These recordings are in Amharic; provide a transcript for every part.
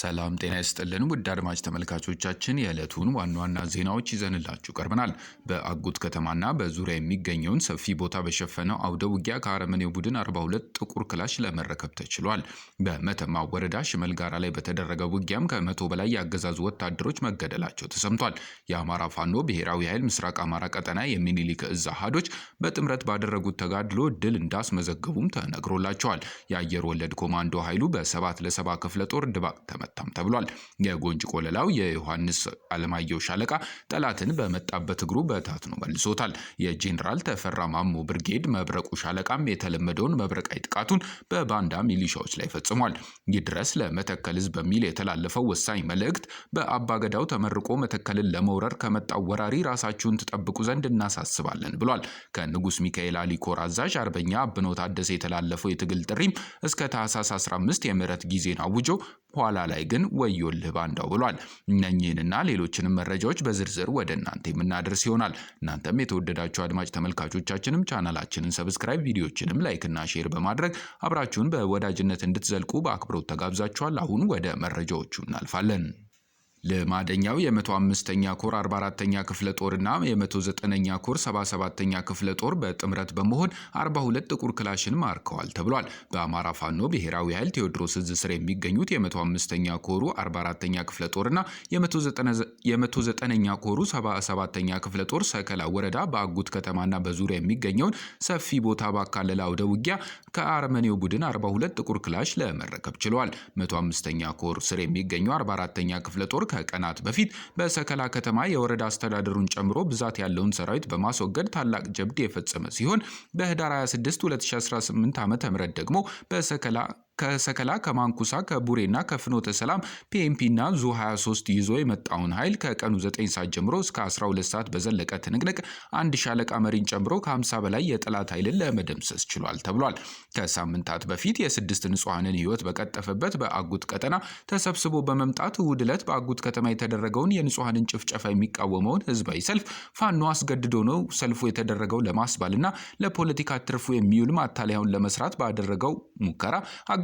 ሰላም ጤና ይስጥልን ውድ አድማጭ ተመልካቾቻችን የዕለቱን ዋና ዋና ዜናዎች ይዘንላችሁ ቀርበናል። በአጉት ከተማና በዙሪያ የሚገኘውን ሰፊ ቦታ በሸፈነው አውደ ውጊያ ከአረመኔው ቡድን 42 ጥቁር ክላሽ ለመረከብ ተችሏል። በመተማ ወረዳ ሽመል ጋራ ላይ በተደረገ ውጊያም ከመቶ በላይ የአገዛዙ ወታደሮች መገደላቸው ተሰምቷል። የአማራ ፋኖ ብሔራዊ ኃይል ምስራቅ አማራ ቀጠና የሚኒሊክ እዝ አሃዶች በጥምረት ባደረጉት ተጋድሎ ድል እንዳስመዘገቡም ተነግሮላቸዋል። የአየር ወለድ ኮማንዶ ኃይሉ በሰባት ለሰባ ክፍለ ጦር ድባቅ ተመ አይበረታም ተብሏል። የጎንጅ ቆለላው የዮሐንስ አለማየሁ ሻለቃ ጠላትን በመጣበት እግሩ በታትኖ መልሶታል። የጄኔራል ተፈራ ማሞ ብርጌድ መብረቁ ሻለቃም የተለመደውን መብረቃዊ ጥቃቱን በባንዳ ሚሊሻዎች ላይ ፈጽሟል። ይድረስ ለመተከል ህዝብ በሚል የተላለፈው ወሳኝ መልእክት በአባገዳው ተመርቆ መተከልን ለመውረር ከመጣው ወራሪ ራሳችሁን ትጠብቁ ዘንድ እናሳስባለን ብሏል። ከንጉስ ሚካኤል አሊኮር አዛዥ አርበኛ አብኖ ታደሰ የተላለፈው የትግል ጥሪም እስከ ታህሳስ 15 የምህረት ጊዜን አውጆ ኋላ ላይ ላይ ግን ወዮልህ ባንዳው ብሏል። እነኚህንና ሌሎችንም መረጃዎች በዝርዝር ወደ እናንተ የምናደርስ ይሆናል። እናንተም የተወደዳችሁ አድማጭ ተመልካቾቻችንም ቻናላችንን ሰብስክራይብ፣ ቪዲዮችንም ላይክና ሼር በማድረግ አብራችሁን በወዳጅነት እንድትዘልቁ በአክብሮት ተጋብዛችኋል። አሁን ወደ መረጃዎቹ እናልፋለን። ለማደኛው የመቶ አምስተኛ ኮር 44ተኛ ክፍለ ጦርና የመቶ ዘጠነኛ ኮር 77ተኛ ክፍለ ጦር በጥምረት በመሆን 42 ጥቁር ክላሽን ማርከዋል ተብሏል። በአማራ ፋኖ ብሔራዊ ኃይል ቴዎድሮስ እዝ ስር የሚገኙት የመቶ አምስተኛ ኮሩ 44ተኛ ክፍለ ጦርና የመቶ ዘጠነኛ ኮሩ 77ተኛ ክፍለ ጦር ሰከላ ወረዳ በአጉት ከተማና በዙሪያ የሚገኘውን ሰፊ ቦታ ባካለለ አውደ ውጊያ ከአርመኔው ቡድን 42 ጥቁር ክላሽ ለመረከብ ችለዋል። መቶ አምስተኛ ኮር ስር የሚገኘው 44ተኛ ክፍለ ጦር ከቀናት በፊት በሰከላ ከተማ የወረዳ አስተዳደሩን ጨምሮ ብዛት ያለውን ሰራዊት በማስወገድ ታላቅ ጀብድ የፈጸመ ሲሆን በህዳር 26 2018 ዓ.ም ደግሞ በሰከላ ከሰከላ ከማንኩሳ ከቡሬና ከፍኖተ ሰላም ፒኤምፒና ዙ 23 ይዞ የመጣውን ኃይል ከቀኑ 9 ሰዓት ጀምሮ እስከ 12 ሰዓት በዘለቀ ትንቅንቅ አንድ ሻለቃ መሪን ጨምሮ ከ50 በላይ የጠላት ኃይልን ለመደምሰስ ችሏል ተብሏል። ከሳምንታት በፊት የስድስት ንጹሐንን ህይወት በቀጠፈበት በአጉት ቀጠና ተሰብስቦ በመምጣት እሁድ ዕለት በአጉት ከተማ የተደረገውን የንጹሐንን ጭፍጨፋ የሚቃወመውን ህዝባዊ ሰልፍ ፋኖ አስገድዶ ነው ሰልፉ የተደረገው ለማስባልና ለፖለቲካ ትርፉ የሚውል ማታለያውን ለመስራት ባደረገው ሙከራ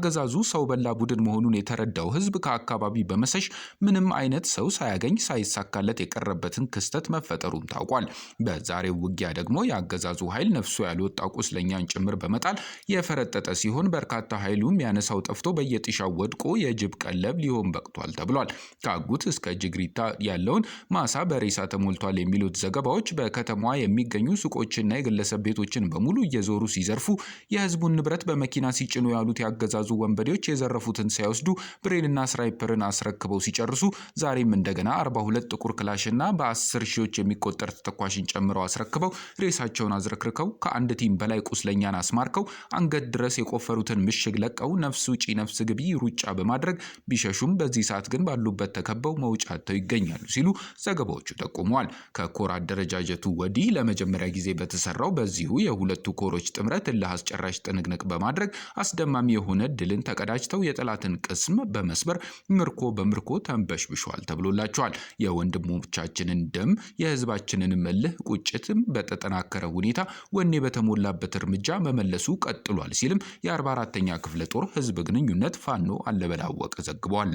አገዛዙ ሰው በላ ቡድን መሆኑን የተረዳው ህዝብ ከአካባቢ በመሰሽ ምንም አይነት ሰው ሳያገኝ ሳይሳካለት የቀረበትን ክስተት መፈጠሩም ታውቋል። በዛሬው ውጊያ ደግሞ የአገዛዙ ኃይል ነፍሱ ያልወጣ ቁስለኛን ጭምር በመጣል የፈረጠጠ ሲሆን በርካታ ኃይሉም ያነሳው ጠፍቶ በየጥሻው ወድቆ የጅብ ቀለብ ሊሆን በቅቷል ተብሏል። ከአጉት እስከ ጅግሪታ ያለውን ማሳ በሬሳ ተሞልቷል የሚሉት ዘገባዎች በከተማዋ የሚገኙ ሱቆችና የግለሰብ ቤቶችን በሙሉ እየዞሩ ሲዘርፉ የህዝቡን ንብረት በመኪና ሲጭኑ ያሉት ያገዛዙ ወንበዴዎች የዘረፉትን ሳይወስዱ ብሬንና ስራይፐርን አስረክበው ሲጨርሱ ዛሬም እንደገና 42 ጥቁር ክላሽና በ10 ሺዎች የሚቆጠር ተተኳሽን ጨምረው አስረክበው ሬሳቸውን አዝረክርከው ከአንድ ቲም በላይ ቁስለኛን አስማርከው አንገት ድረስ የቆፈሩትን ምሽግ ለቀው ነፍስ ውጪ ነፍስ ግቢ ሩጫ በማድረግ ቢሸሹም በዚህ ሰዓት ግን ባሉበት ተከበው መውጫ አጥተው ይገኛሉ ሲሉ ዘገባዎቹ ጠቁመዋል። ከኮር አደረጃጀቱ ወዲህ ለመጀመሪያ ጊዜ በተሰራው በዚሁ የሁለቱ ኮሮች ጥምረት እልህ አስጨራሽ ጥንቅንቅ በማድረግ አስደማሚ የሆነ ድልን ተቀዳጅተው የጠላትን ቅስም በመስበር ምርኮ በምርኮ ተንበሽብሿል ተብሎላቸዋል። የወንድሞቻችንን ደም የህዝባችንን መልህ ቁጭትም በተጠናከረ ሁኔታ ወኔ በተሞላበት እርምጃ መመለሱ ቀጥሏል ሲልም የ44ኛ ክፍለ ጦር ህዝብ ግንኙነት ፋኖ አለበላወቅ ዘግቧል።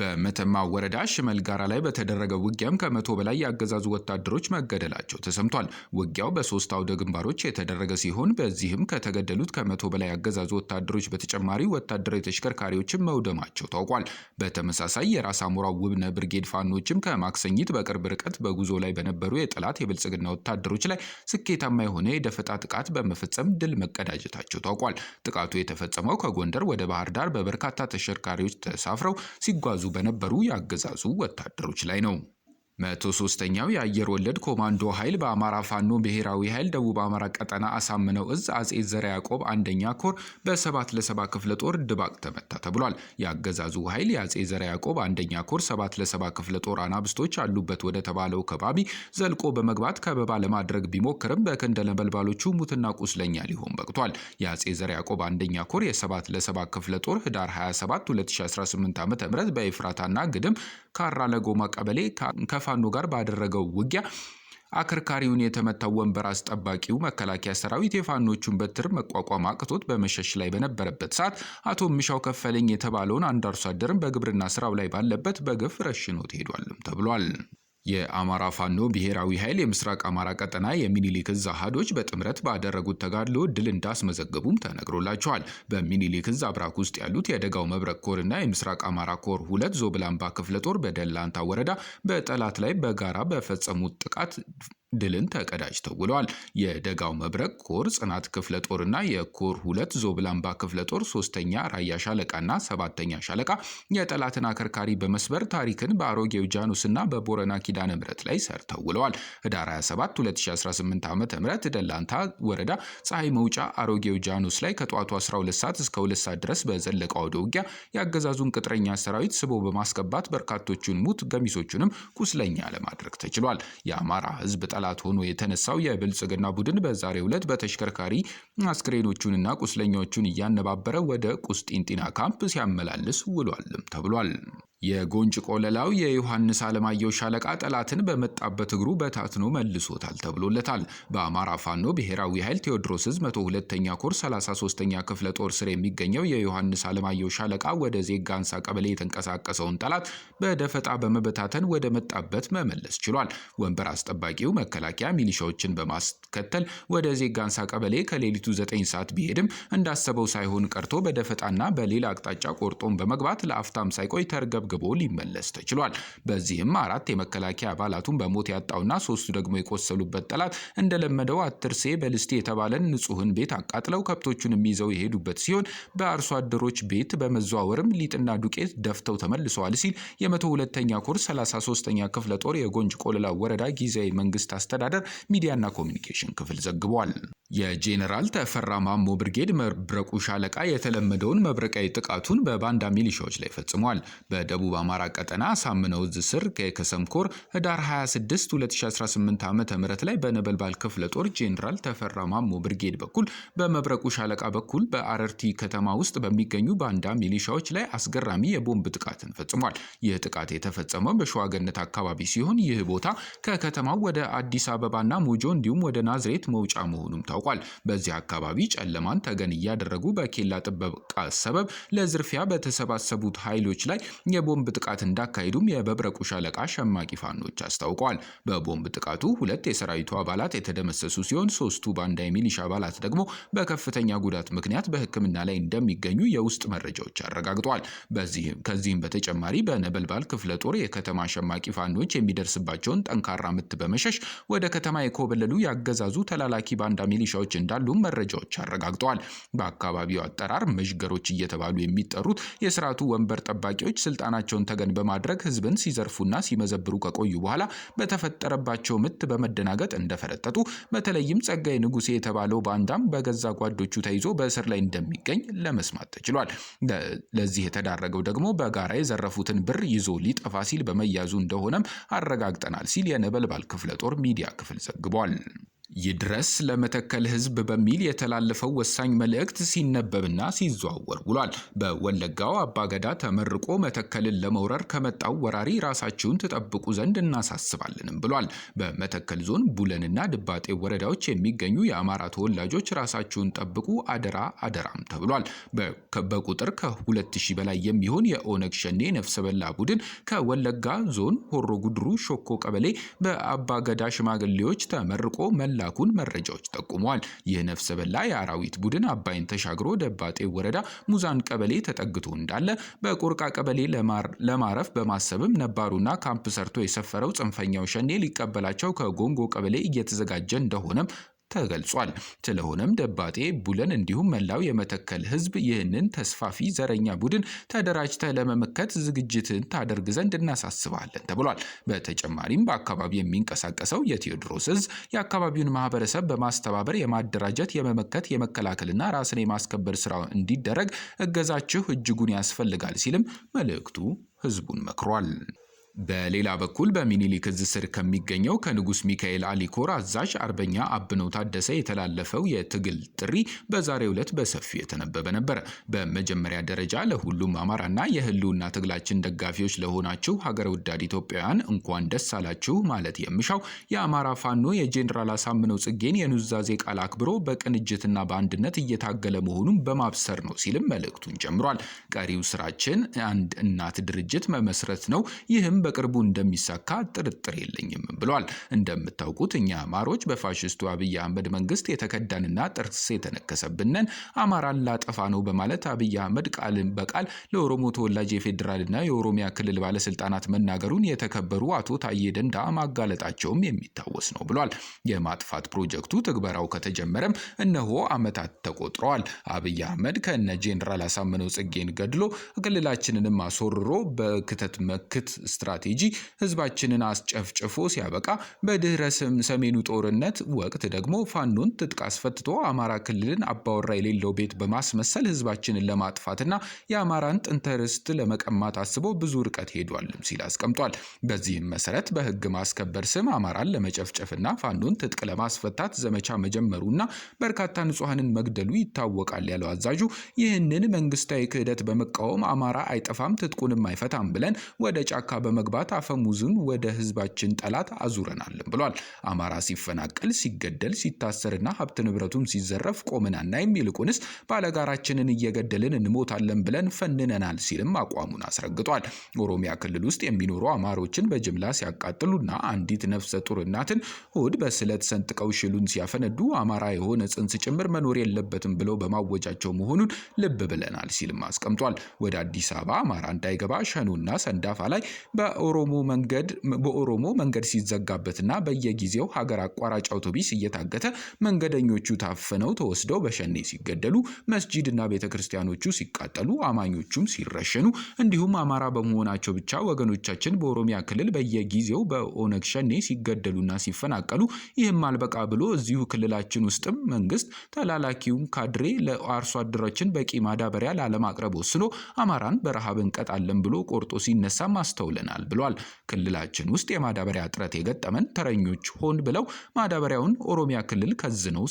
በመተማ ወረዳ ሽመል ጋራ ላይ በተደረገ ውጊያም ከመቶ በላይ የአገዛዙ ወታደሮች መገደላቸው ተሰምቷል። ውጊያው በሶስት አውደ ግንባሮች የተደረገ ሲሆን በዚህም ከተገደሉት ከመቶ በላይ አገዛዙ ወታደሮች በተጨማሪ ወታደራዊ ተሽከርካሪዎችን መውደማቸው ታውቋል። በተመሳሳይ የራስ አሞራ ውብነ ብርጌድ ፋኖችም ከማክሰኝት በቅርብ ርቀት በጉዞ ላይ በነበሩ የጠላት የብልጽግና ወታደሮች ላይ ስኬታማ የሆነ የደፈጣ ጥቃት በመፈጸም ድል መቀዳጀታቸው ታውቋል። ጥቃቱ የተፈጸመው ከጎንደር ወደ ባህር ዳር በበርካታ ተሽከርካሪዎች ተሳፍረው ሲጓዙ እየተጓዙ በነበሩ የአገዛዙ ወታደሮች ላይ ነው። መቶ ሶስተኛው የአየር ወለድ ኮማንዶ ኃይል በአማራ ፋኖ ብሔራዊ ኃይል ደቡብ አማራ ቀጠና አሳምነው እዝ አጼ ዘረ ያዕቆብ አንደኛ ኮር በሰባት ለሰባ ክፍለ ጦር ድባቅ ተመታ ተብሏል። የአገዛዙ ኃይል የአጼ ዘረ ያዕቆብ አንደኛ ኮር ሰባት ለሰባ ክፍለ ጦር አናብስቶች አሉበት ወደ ተባለው ከባቢ ዘልቆ በመግባት ከበባ ለማድረግ ቢሞክርም በክንደ ነበልባሎቹ ሙትና ቁስለኛ ሊሆን በቅቷል። የአጼ ዘረ ያዕቆብ አንደኛ ኮር የሰባት ለሰባ ክፍለ ጦር ህዳር 27 2018 ዓ ም በኤፍራታና ግድም ካራ ለጎማ ቀበሌ ከፋ ከፋኖ ጋር ባደረገው ውጊያ አከርካሪውን የተመታው ወንበር አስጠባቂው መከላከያ ሰራዊት የፋኖቹን በትር መቋቋም አቅቶት በመሸሽ ላይ በነበረበት ሰዓት አቶ ምሻው ከፈለኝ የተባለውን አንድ አርሶ አደርን በግብርና ስራው ላይ ባለበት በግፍ ረሽኖት ሄዷልም ተብሏል። የአማራ ፋኖ ብሔራዊ ኃይል የምስራቅ አማራ ቀጠና የሚኒሊክ እዝ አሃዶች በጥምረት ባደረጉት ተጋድሎ ድል እንዳስመዘገቡም ተነግሮላቸዋል። በሚኒሊክ እዝ አብራክ ውስጥ ያሉት የደጋው መብረቅ ኮር እና የምስራቅ አማራ ኮር ሁለት ዞብላምባ ክፍለ ጦር በደላንታ ወረዳ በጠላት ላይ በጋራ በፈጸሙት ጥቃት ድልን ተቀዳጅተው ውለዋል። የደጋው መብረቅ ኮር ጽናት ክፍለ ጦርና የኮር ሁለት ዞብላምባ ክፍለ ጦር ሶስተኛ ራያ ሻለቃና ሰባተኛ ሻለቃ የጠላትን አከርካሪ በመስበር ታሪክን በአሮጌው ጃኑስና በቦረና ኪዳነ ምረት ላይ ሰርተው ውለዋል። ህዳር 27 2018 ዓ ም ደላንታ ወረዳ ፀሐይ መውጫ አሮጌው ጃኑስ ላይ ከጠዋቱ 12 ሰዓት እስከ 2 ሰዓት ድረስ በዘለቀ አውደ ውጊያ የአገዛዙን ቅጥረኛ ሰራዊት ስቦ በማስገባት በርካቶቹን ሙት ገሚሶቹንም ቁስለኛ ለማድረግ ተችሏል። የአማራ ህዝብ ጠላት ሆኖ የተነሳው የብልጽግና ቡድን በዛሬው ዕለት በተሽከርካሪ አስክሬኖቹንና ቁስለኞቹን እያነባበረ ወደ ቁስጢንጢና ካምፕ ሲያመላልስ ውሏል ተብሏል። የጎንጭ ቆለላው የዮሐንስ አለማየሁ ሻለቃ ጠላትን በመጣበት እግሩ በታትኖ መልሶታል ተብሎለታል። በአማራ ፋኖ ብሔራዊ ኃይል ቴዎድሮስ ዕዝ 102ኛ ኮር 33ኛ ክፍለ ጦር ስር የሚገኘው የዮሐንስ አለማየሁ ሻለቃ ወደ ዜጋንሳ ቀበሌ የተንቀሳቀሰውን ጠላት በደፈጣ በመበታተን ወደ መጣበት መመለስ ችሏል። ወንበር አስጠባቂው መከላከያ ሚሊሻዎችን በማስከተል ወደ ዜጋንሳ ቀበሌ ከሌሊቱ 9 ሰዓት ቢሄድም እንዳሰበው ሳይሆን ቀርቶ በደፈጣና በሌላ አቅጣጫ ቆርጦን በመግባት ለአፍታም ሳይቆይ ተርገብ ተመዝግቦ ሊመለስ ተችሏል። በዚህም አራት የመከላከያ አባላቱን በሞት ያጣውና ሶስቱ ደግሞ የቆሰሉበት ጠላት እንደለመደው አትርሴ በልስቴ የተባለን ንጹህን ቤት አቃጥለው ከብቶቹን የሚይዘው የሄዱበት ሲሆን በአርሶ አደሮች ቤት በመዘዋወርም ሊጥና ዱቄት ደፍተው ተመልሰዋል ሲል የመቶ ሁለተኛ ኮር 33ኛ ክፍለ ጦር የጎንጅ ቆለላ ወረዳ ጊዜያዊ መንግስት አስተዳደር ሚዲያና ኮሚኒኬሽን ክፍል ዘግቧል። የጄኔራል ተፈራ ማሞ ብርጌድ መብረቁ ሻለቃ የተለመደውን መብረቃዊ ጥቃቱን በባንዳ ሚሊሻዎች ላይ ፈጽሟል። በደቡብ በደቡብ አማራ ቀጠና ሳምነው እዝ ስር ከሰምኮር ህዳር 26 2018 ዓ ም ላይ በነበልባል ክፍለ ጦር ጄኔራል ተፈራ ማሞ ብርጌድ በኩል በመብረቁ ሻለቃ በኩል በአረርቲ ከተማ ውስጥ በሚገኙ ባንዳ ሚሊሻዎች ላይ አስገራሚ የቦምብ ጥቃትን ፈጽሟል። ይህ ጥቃት የተፈጸመው በሸዋገነት አካባቢ ሲሆን ይህ ቦታ ከከተማው ወደ አዲስ አበባና ሞጆ እንዲሁም ወደ ናዝሬት መውጫ መሆኑም ታውቋል። በዚህ አካባቢ ጨለማን ተገን እያደረጉ በኬላ ጥበቃ ሰበብ ለዝርፊያ በተሰባሰቡት ኃይሎች ላይ የቦምብ ጥቃት እንዳካሄዱም የበብረቁ ሻለቃ ሸማቂ ፋኖች አስታውቀዋል። በቦምብ ጥቃቱ ሁለት የሰራዊቱ አባላት የተደመሰሱ ሲሆን ሶስቱ ባንዳ የሚሊሻ አባላት ደግሞ በከፍተኛ ጉዳት ምክንያት በሕክምና ላይ እንደሚገኙ የውስጥ መረጃዎች አረጋግጠዋል። ከዚህም በተጨማሪ በነበልባል ክፍለ ጦር የከተማ ሸማቂ ፋኖች የሚደርስባቸውን ጠንካራ ምት በመሸሽ ወደ ከተማ የኮበለሉ ያገዛዙ ተላላኪ ባንዳ ሚሊሻዎች እንዳሉ መረጃዎች አረጋግጠዋል። በአካባቢው አጠራር መዥገሮች እየተባሉ የሚጠሩት የስርዓቱ ወንበር ጠባቂዎች ስልጣን ስልጣናቸውን ተገን በማድረግ ህዝብን ሲዘርፉና ሲመዘብሩ ከቆዩ በኋላ በተፈጠረባቸው ምት በመደናገጥ እንደፈረጠጡ በተለይም ጸጋይ ንጉሴ የተባለው ባንዳም በገዛ ጓዶቹ ተይዞ በእስር ላይ እንደሚገኝ ለመስማት ተችሏል። ለዚህ የተዳረገው ደግሞ በጋራ የዘረፉትን ብር ይዞ ሊጠፋ ሲል በመያዙ እንደሆነም አረጋግጠናል ሲል የነበልባል ክፍለ ጦር ሚዲያ ክፍል ዘግቧል። ይድረስ ለመተከል ህዝብ በሚል የተላለፈው ወሳኝ መልእክት ሲነበብና ሲዘዋወር ውሏል። በወለጋው አባገዳ ተመርቆ መተከልን ለመውረር ከመጣው ወራሪ ራሳችሁን ትጠብቁ ዘንድ እናሳስባለንም ብሏል። በመተከል ዞን ቡለንና ድባጤ ወረዳዎች የሚገኙ የአማራ ተወላጆች ራሳችሁን ጠብቁ አደራ አደራም ተብሏል። በቁጥር ከ2000 በላይ የሚሆን የኦነግ ሸኔ ነፍሰ በላ ቡድን ከወለጋ ዞን ሆሮ ጉድሩ ሾኮ ቀበሌ በአባገዳ ሽማግሌዎች ተመርቆ መላ መላኩን መረጃዎች ጠቁመዋል። ይህ ነፍሰ በላ የአራዊት ቡድን አባይን ተሻግሮ ደባጤ ወረዳ ሙዛን ቀበሌ ተጠግቶ እንዳለ በቆርቃ ቀበሌ ለማረፍ በማሰብም ነባሩና ካምፕ ሰርቶ የሰፈረው ጽንፈኛው ሸኔ ሊቀበላቸው ከጎንጎ ቀበሌ እየተዘጋጀ እንደሆነም ተገልጿል። ስለሆነም ደባጤ ቡለን፣ እንዲሁም መላው የመተከል ህዝብ ይህንን ተስፋፊ ዘረኛ ቡድን ተደራጅተ ለመመከት ዝግጅትን ታደርግ ዘንድ እናሳስባለን ተብሏል። በተጨማሪም በአካባቢ የሚንቀሳቀሰው የቴዎድሮስ እዝ የአካባቢውን ማህበረሰብ በማስተባበር የማደራጀት የመመከት፣ የመከላከልና ራስን የማስከበር ስራ እንዲደረግ እገዛችሁ እጅጉን ያስፈልጋል ሲልም መልእክቱ ህዝቡን መክሯል። በሌላ በኩል በሚኒሊክ እዝ ስር ከሚገኘው ከንጉስ ሚካኤል አሊኮር አዛዥ አርበኛ አብነው ታደሰ የተላለፈው የትግል ጥሪ በዛሬው ዕለት በሰፊው የተነበበ ነበር። በመጀመሪያ ደረጃ ለሁሉም አማራና የህልውና ትግላችን ደጋፊዎች ለሆናችሁ ሀገር ወዳድ ኢትዮጵያውያን እንኳን ደስ አላችሁ ማለት የምሻው የአማራ ፋኖ የጄኔራል አሳምነው ጽጌን የኑዛዜ ቃል አክብሮ በቅንጅትና በአንድነት እየታገለ መሆኑን በማብሰር ነው ሲልም መልእክቱን ጀምሯል። ቀሪው ስራችን አንድ እናት ድርጅት መመስረት ነው። ይህም በቅርቡ እንደሚሳካ ጥርጥር የለኝም ብሏል። እንደምታውቁት እኛ አማሮች በፋሽስቱ አብይ አህመድ መንግስት የተከዳንና ጥርስ የተነከሰብንን አማራን ላጠፋ ነው በማለት አብይ አህመድ ቃልን በቃል ለኦሮሞ ተወላጅ የፌዴራልና የኦሮሚያ ክልል ባለስልጣናት መናገሩን የተከበሩ አቶ ታዬ ደንዳ ማጋለጣቸውም የሚታወስ ነው ብሏል። የማጥፋት ፕሮጀክቱ ትግበራው ከተጀመረም እነሆ ዓመታት ተቆጥረዋል። አብይ አህመድ ከነ ጄኔራል አሳምነው ጽጌን ገድሎ ክልላችንንም አስወርሮ በክተት መክት ስትራ ስትራቴጂ ህዝባችንን አስጨፍጭፎ ሲያበቃ በድህረ ሰሜኑ ጦርነት ወቅት ደግሞ ፋኖን ትጥቅ አስፈትቶ አማራ ክልልን አባወራ የሌለው ቤት በማስመሰል ህዝባችንን ለማጥፋትና የአማራን ጥንተ ርስት ለመቀማት አስቦ ብዙ ርቀት ሄዷልም ሲል አስቀምጧል። በዚህም መሰረት በህግ ማስከበር ስም አማራን ለመጨፍጨፍና ፋኖን ትጥቅ ለማስፈታት ዘመቻ መጀመሩና በርካታ ንጹሐንን መግደሉ ይታወቃል ያለው አዛዡ ይህንን መንግስታዊ ክህደት በመቃወም አማራ አይጠፋም ትጥቁንም አይፈታም ብለን ወደ ጫካ በመ በመግባት አፈሙዝን ወደ ህዝባችን ጠላት አዙረናልን ብሏል። አማራ ሲፈናቀል፣ ሲገደል፣ ሲታሰርና ሀብት ንብረቱም ሲዘረፍ ቆምን አናይም፣ ይልቁንስ ባለጋራችንን እየገደልን እንሞታለን ብለን ፈንነናል ሲልም አቋሙን አስረግጧል። ኦሮሚያ ክልል ውስጥ የሚኖሩ አማሮችን በጅምላ ሲያቃጥሉና አንዲት ነፍሰ ጡር እናትን ሆድ በስለት ሰንጥቀው ሽሉን ሲያፈነዱ አማራ የሆነ ጽንስ ጭምር መኖር የለበትም ብለው በማወጃቸው መሆኑን ልብ ብለናል ሲልም አስቀምጧል። ወደ አዲስ አበባ አማራ እንዳይገባ ሸኑና ሰንዳፋ ላይ በ በኦሮሞ መንገድ በኦሮሞ መንገድ ሲዘጋበትና በየጊዜው ሀገር አቋራጭ አውቶቢስ እየታገተ መንገደኞቹ ታፍነው ተወስደው በሸኔ ሲገደሉ መስጂድና ቤተ ክርስቲያኖቹ ሲቃጠሉ አማኞቹም ሲረሸኑ እንዲሁም አማራ በመሆናቸው ብቻ ወገኖቻችን በኦሮሚያ ክልል በየጊዜው በኦነግ ሸኔ ሲገደሉና ሲፈናቀሉ ይህም አልበቃ ብሎ እዚሁ ክልላችን ውስጥም መንግስት ተላላኪውን ካድሬ ለአርሶ አደሮችን በቂ ማዳበሪያ ላለማቅረብ ወስኖ አማራን በረሃብ እንቀጣለን ብሎ ቆርጦ ሲነሳም አስተውለናል። ይሆናል ብሏል። ክልላችን ውስጥ የማዳበሪያ እጥረት የገጠመን ተረኞች ሆን ብለው ማዳበሪያውን ኦሮሚያ ክልል ከዝነው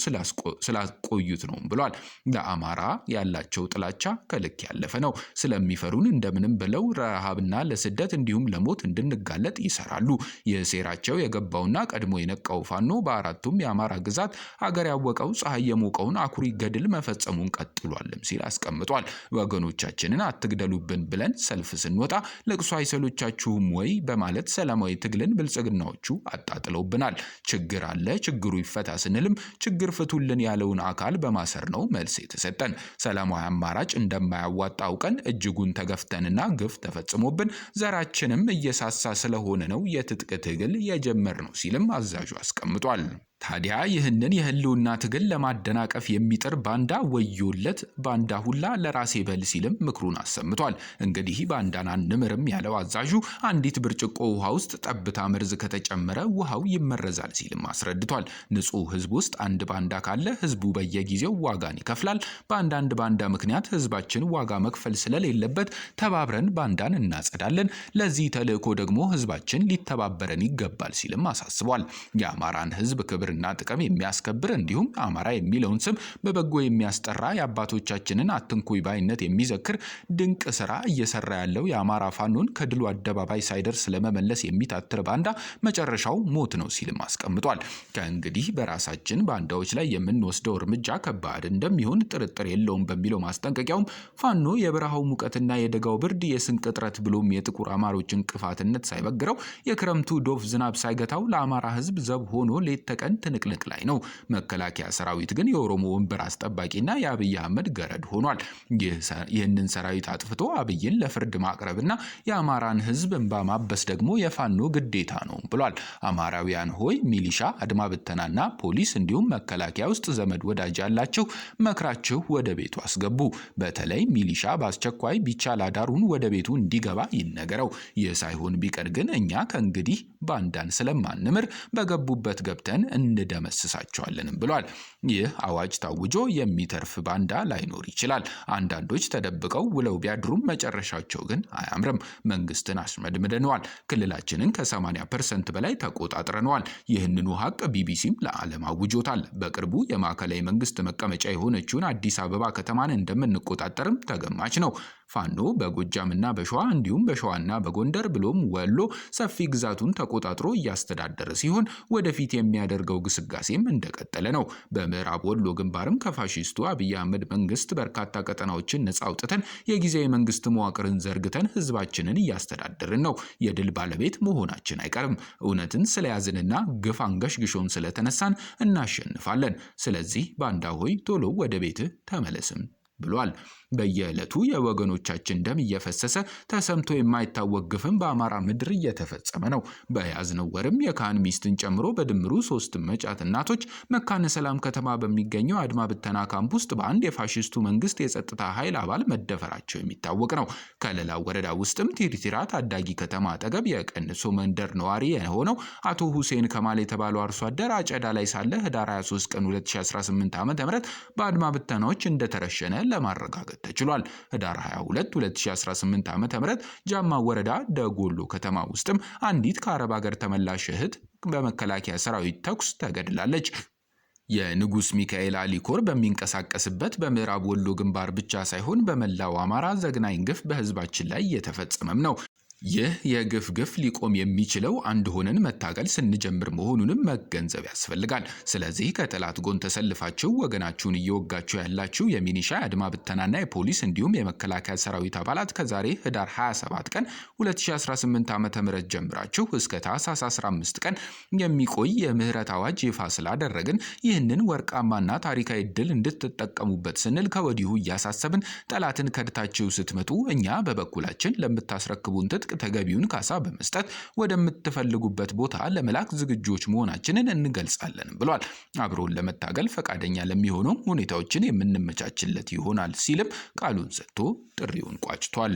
ስላቆዩት ነው ብሏል። ለአማራ ያላቸው ጥላቻ ከልክ ያለፈ ነው። ስለሚፈሩን እንደምንም ብለው ረሃብና ለስደት እንዲሁም ለሞት እንድንጋለጥ ይሰራሉ። የሴራቸው የገባውና ቀድሞ የነቃው ፋኖ በአራቱም የአማራ ግዛት አገር ያወቀው ፀሐይ የሞቀውን አኩሪ ገድል መፈጸሙን ቀጥሏልም ሲል አስቀምጧል። ወገኖቻችንን አትግደሉብን ብለን ሰልፍ ስንወጣ ለቅሶ አይሰሎቻችሁ አልቻሉም ወይ በማለት ሰላማዊ ትግልን ብልጽግናዎቹ አጣጥለውብናል። ችግር አለ፣ ችግሩ ይፈታ ስንልም ችግር ፍቱልን ያለውን አካል በማሰር ነው መልስ የተሰጠን። ሰላማዊ አማራጭ እንደማያዋጣ አውቀን እጅጉን ተገፍተንና ግፍ ተፈጽሞብን ዘራችንም እየሳሳ ስለሆነ ነው የትጥቅ ትግል የጀመር ነው ሲልም አዛዡ አስቀምጧል። ታዲያ ይህንን የህልውና ትግል ለማደናቀፍ የሚጥር ባንዳ ወዮለት፣ ባንዳ ሁላ ለራሴ በል ሲልም ምክሩን አሰምቷል። እንግዲህ ባንዳን አንምርም ያለው አዛዡ አንዲት ብርጭቆ ውሃ ውስጥ ጠብታ መርዝ ከተጨመረ ውሃው ይመረዛል ሲልም አስረድቷል። ንጹህ ህዝብ ውስጥ አንድ ባንዳ ካለ ህዝቡ በየጊዜው ዋጋን ይከፍላል። በአንዳንድ ባንዳ ምክንያት ህዝባችን ዋጋ መክፈል ስለሌለበት ተባብረን ባንዳን እናጸዳለን። ለዚህ ተልዕኮ ደግሞ ህዝባችን ሊተባበረን ይገባል ሲልም አሳስቧል። የአማራን ህዝብ ክብር ክብርና ጥቅም የሚያስከብር እንዲሁም አማራ የሚለውን ስም በበጎ የሚያስጠራ የአባቶቻችንን አትንኩይ ባይነት የሚዘክር ድንቅ ስራ እየሰራ ያለው የአማራ ፋኖን ከድሉ አደባባይ ሳይደርስ ለመመለስ የሚታትር ባንዳ መጨረሻው ሞት ነው ሲልም አስቀምጧል። ከእንግዲህ በራሳችን ባንዳዎች ላይ የምንወስደው እርምጃ ከባድ እንደሚሆን ጥርጥር የለውም በሚለው ማስጠንቀቂያውም ፋኖ የበረሃው ሙቀትና የደጋው ብርድ የስንቅ እጥረት ብሎም የጥቁር አማሮች እንቅፋትነት ሳይበግረው የክረምቱ ዶፍ ዝናብ ሳይገታው ለአማራ ህዝብ ዘብ ሆኖ ሌት ተቀን ትንቅንቅ ላይ ነው። መከላከያ ሰራዊት ግን የኦሮሞ ወንበር አስጠባቂና የአብይ አህመድ ገረድ ሆኗል። ይህንን ሰራዊት አጥፍቶ አብይን ለፍርድ ማቅረብና የአማራን ህዝብ እንባ ማበስ ደግሞ የፋኖ ግዴታ ነው ብሏል። አማራውያን ሆይ ሚሊሻ፣ አድማ ብተናና ፖሊስ እንዲሁም መከላከያ ውስጥ ዘመድ ወዳጅ ያላችሁ መክራችሁ ወደ ቤቱ አስገቡ። በተለይ ሚሊሻ በአስቸኳይ ቢቻል አዳሩን ወደ ቤቱ እንዲገባ ይነገረው። ይህ ሳይሆን ቢቀር ግን እኛ ከእንግዲህ ባንዳን ስለማንምር በገቡበት ገብተን እንደመሰሳቸዋለንም ብሏል። ይህ አዋጅ ታውጆ የሚተርፍ ባንዳ ላይኖር ይችላል። አንዳንዶች ተደብቀው ውለው ቢያድሩም መጨረሻቸው ግን አያምርም። መንግስትን አሽመድምደነዋል። ክልላችንን ከ80 ፐርሰንት በላይ ተቆጣጥረነዋል። ይህንኑ ሀቅ ቢቢሲም ለዓለም አውጆታል። በቅርቡ የማዕከላዊ መንግስት መቀመጫ የሆነችውን አዲስ አበባ ከተማን እንደምንቆጣጠርም ተገማች ነው። ፋኖ በጎጃምና በሸዋ እንዲሁም በሸዋና በጎንደር ብሎም ወሎ ሰፊ ግዛቱን ተቆጣጥሮ እያስተዳደረ ሲሆን ወደፊት የሚያደርገው ግስጋሴም እንደቀጠለ ነው። በምዕራብ ወሎ ግንባርም ከፋሺስቱ አብይ አህመድ መንግስት በርካታ ቀጠናዎችን ነጻ አውጥተን የጊዜያዊ መንግስት መዋቅርን ዘርግተን ህዝባችንን እያስተዳደርን ነው። የድል ባለቤት መሆናችን አይቀርም። እውነትን ስለያዝንና ግፍ አንገሽግሾን ስለተነሳን እናሸንፋለን። ስለዚህ ባንዳ ሆይ ቶሎ ወደ ቤትህ ተመለስም ብሏል። በየዕለቱ የወገኖቻችን ደም እየፈሰሰ ተሰምቶ የማይታወቅ ግፍም በአማራ ምድር እየተፈጸመ ነው። በያዝነው ወርም የካህን ሚስትን ጨምሮ በድምሩ ሶስት መጫት እናቶች መካነ ሰላም ከተማ በሚገኘው አድማ ብተና ካምፕ ውስጥ በአንድ የፋሽስቱ መንግስት የጸጥታ ኃይል አባል መደፈራቸው የሚታወቅ ነው። ከሌላ ወረዳ ውስጥም ቲርቲራ ታዳጊ ከተማ አጠገብ የቀንሶ መንደር ነዋሪ የሆነው አቶ ሁሴን ከማል የተባለው አርሶ አደር አጨዳ ላይ ሳለ ህዳር 23 ቀን 2018 ዓ.ም በአድማ ብተናዎች እንደተረሸነ ለማረጋገጥ ተችሏል። ህዳር 22 2018 ዓ ም ጃማ ወረዳ ደጎሎ ከተማ ውስጥም አንዲት ከአረብ ሀገር ተመላሽ እህት በመከላከያ ሰራዊት ተኩስ ተገድላለች። የንጉስ ሚካኤል አሊ ኮር በሚንቀሳቀስበት በምዕራብ ወሎ ግንባር ብቻ ሳይሆን በመላው አማራ ዘግናኝ ግፍ በህዝባችን ላይ እየተፈጸመም ነው። ይህ የግፍ ግፍ ሊቆም የሚችለው አንድ ሆነን መታገል ስንጀምር መሆኑንም መገንዘብ ያስፈልጋል። ስለዚህ ከጠላት ጎን ተሰልፋችሁ ወገናችሁን እየወጋችሁ ያላችሁ የሚኒሻ የአድማ ብተናና የፖሊስ እንዲሁም የመከላከያ ሰራዊት አባላት ከዛሬ ህዳር 27 ቀን 2018 ዓ ም ጀምራችሁ እስከ ታህሳስ 15 ቀን የሚቆይ የምህረት አዋጅ ይፋ ስላደረግን ይህንን ወርቃማና ታሪካዊ ድል እንድትጠቀሙበት ስንል ከወዲሁ እያሳሰብን ጠላትን ከድታችሁ ስትመጡ እኛ በበኩላችን ለምታስረክቡን ትጥቅ ተገቢውን ካሳ በመስጠት ወደምትፈልጉበት ቦታ ለመላክ ዝግጆች መሆናችንን እንገልጻለን ብሏል። አብሮን ለመታገል ፈቃደኛ ለሚሆነው ሁኔታዎችን የምንመቻችለት ይሆናል ሲልም ቃሉን ሰጥቶ ጥሪውን ቋጭቷል።